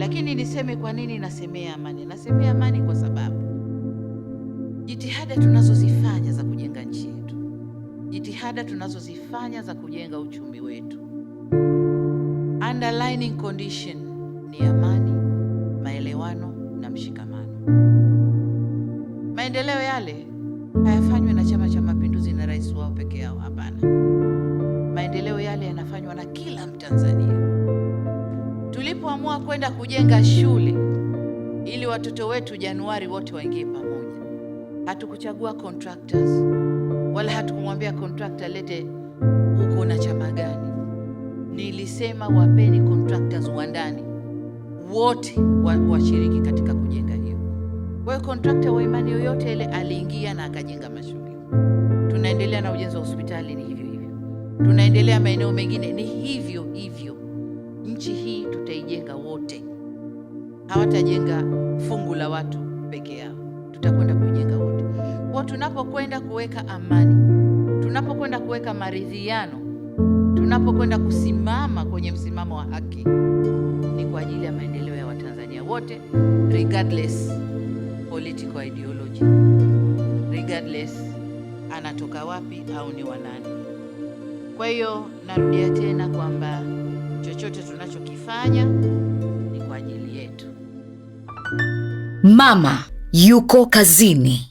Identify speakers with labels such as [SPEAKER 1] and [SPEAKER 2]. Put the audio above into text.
[SPEAKER 1] Lakini niseme kwa nini nasemea amani. Nasemea amani kwa sababu jitihada tunazozifanya za kujenga nchi yetu, jitihada tunazozifanya za kujenga uchumi wetu, underlining condition ni amani, maelewano na mshikamano. Maendeleo yale hayafanywi na Chama cha Mapinduzi na rais wao peke yao, hapana. Maendeleo yale yanafanywa na kila Mtanzania tumeamua kwenda kujenga shule ili watoto wetu Januari wote waingie pamoja. Hatukuchagua contractors wala hatukumwambia contractor lete huko na chama gani. Nilisema wapeni contractors wa ndani wote washiriki katika kujenga hiyo. Kwa hiyo contractor wa imani yoyote ile aliingia na akajenga mashule. Tunaendelea na ujenzi wa hospitali, ni hivyo hivyo. Tunaendelea maeneo mengine, ni hivyo hivyo wote, hawatajenga fungu la watu peke yao, tutakwenda kujenga wote. Kwa tunapokwenda kuweka amani, tunapokwenda kuweka maridhiano, tunapokwenda kusimama kwenye msimamo wa haki, ni kwa ajili ya maendeleo ya Watanzania wote regardless political ideology, regardless anatoka wapi au ni wanani. Kwa hiyo narudia tena kwamba chochote tunachokifanya Mama yuko kazini.